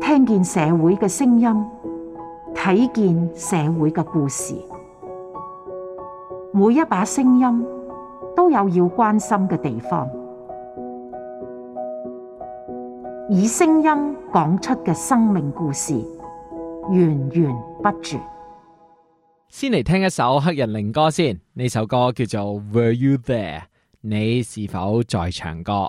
聽見社會嘅聲音，睇見社會嘅故事，每一把聲音都有要關心嘅地方。以聲音講出嘅生命故事，源源不絕。先嚟聽一首黑人靈歌先，呢首歌叫做 Were You There？你是否在場歌？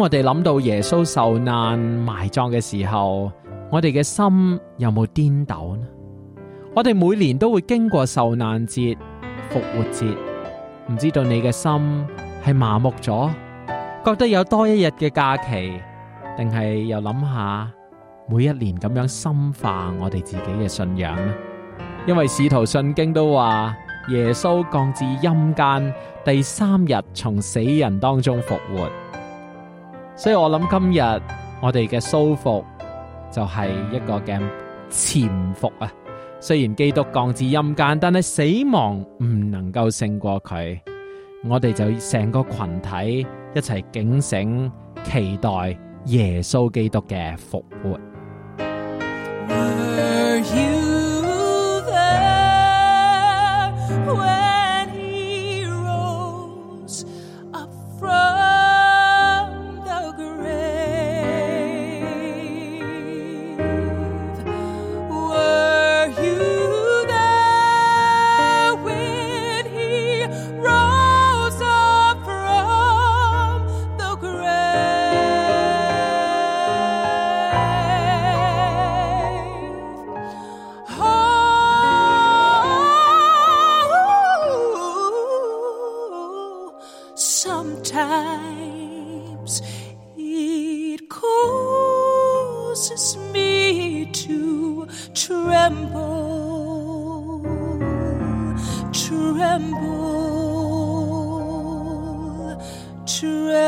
當我哋諗到耶穌受難埋葬嘅時候，我哋嘅心有冇顛倒呢？我哋每年都會經過受難節、復活節，唔知道你嘅心係麻木咗，覺得有多一日嘅假期，定係又諗下每一年咁樣深化我哋自己嘅信仰呢？因為使徒信經都話，耶穌降至陰間，第三日從死人當中復活。所以我諗今日我哋嘅蘇服就係一個嘅潛伏啊，雖然基督降至陰間，但係死亡唔能夠勝過佢，我哋就成個群體一齊警醒，期待耶穌基督嘅復活。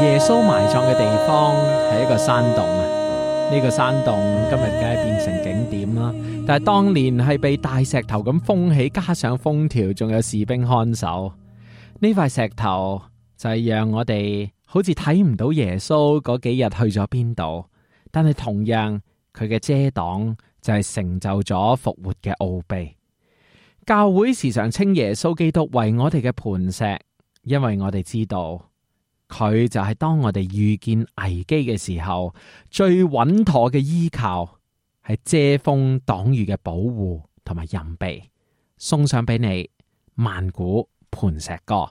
耶穌埋葬嘅地方係一個山洞啊，呢個山洞今日梗係變成景點啦。但係當年係被大石頭咁封起，加上封條，仲有士兵看守。呢塊石頭就係讓我哋好似睇唔到耶穌嗰幾日去咗邊度。但係同樣佢嘅遮擋就係成就咗復活嘅奧秘。教會時常稱耶穌基督為我哋嘅磐石。因為我哋知道，佢就係當我哋遇見危機嘅時候，最穩妥嘅依靠，係遮風擋雨嘅保護，同埋隱蔽，送上俾你。萬古磐石歌。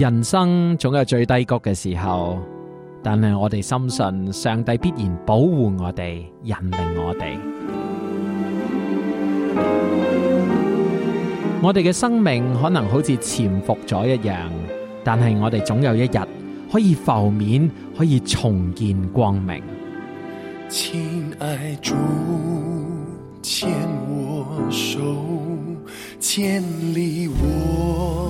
人生總有最低谷嘅時候，但係我哋深信上帝必然保護我哋，引領我哋。我哋嘅生命可能好似潛伏咗一樣，但係我哋總有一日可以浮面，可以重見光明。親愛主，牽我手，建立我。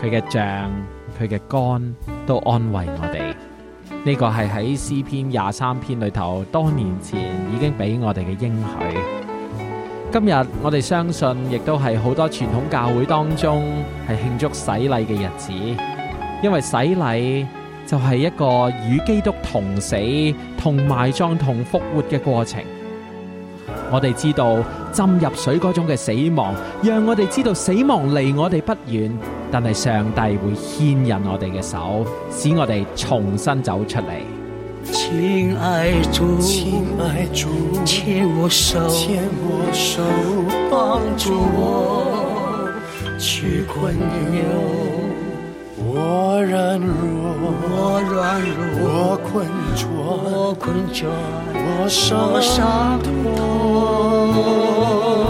佢嘅杖，佢嘅竿，都安慰我哋。呢、這個係喺詩篇廿三篇裏頭，多年前已經俾我哋嘅應許。今日我哋相信，亦都係好多傳統教會當中係慶祝洗禮嘅日子，因為洗禮就係一個與基督同死、同埋葬、同復活嘅過程。我哋知道浸入水嗰種嘅死亡，讓我哋知道死亡離我哋不遠。但係上帝會牽引我哋嘅手，使我哋重新走出嚟。親愛主，親愛主，牽我手，牽我手幫助我，去困我我軟弱，我困我困我傷痛痛。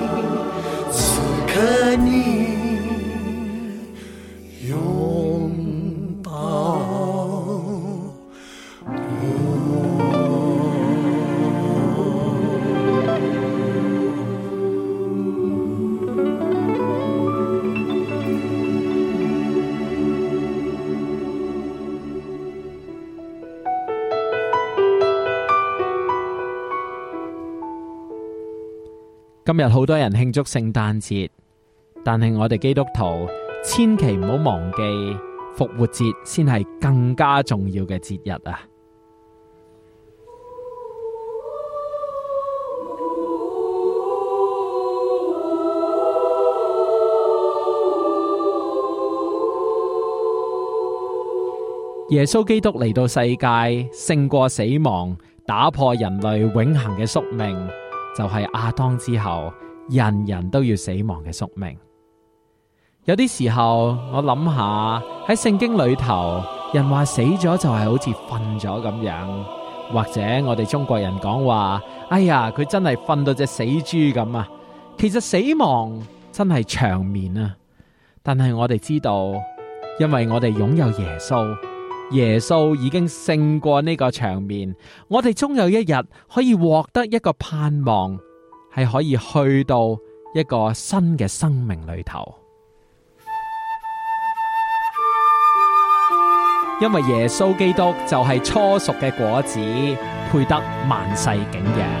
今日好多人慶祝聖誕節，但係我哋基督徒千祈唔好忘記復活節，先係更加重要嘅節日啊！耶穌基督嚟到世界，勝過死亡，打破人類永恆嘅宿命。就係亞當之後，人人都要死亡嘅宿命。有啲時候我諗下喺聖經裏頭，人話死咗就係好似瞓咗咁樣，或者我哋中國人講話，哎呀佢真係瞓到隻死豬咁啊。其實死亡真係長眠啊，但係我哋知道，因為我哋擁有耶穌。耶穌已經勝過呢個場面，我哋終有一日可以獲得一個盼望，係可以去到一個新嘅生命裏頭，因為耶穌基督就係初熟嘅果子，配得萬世景仰。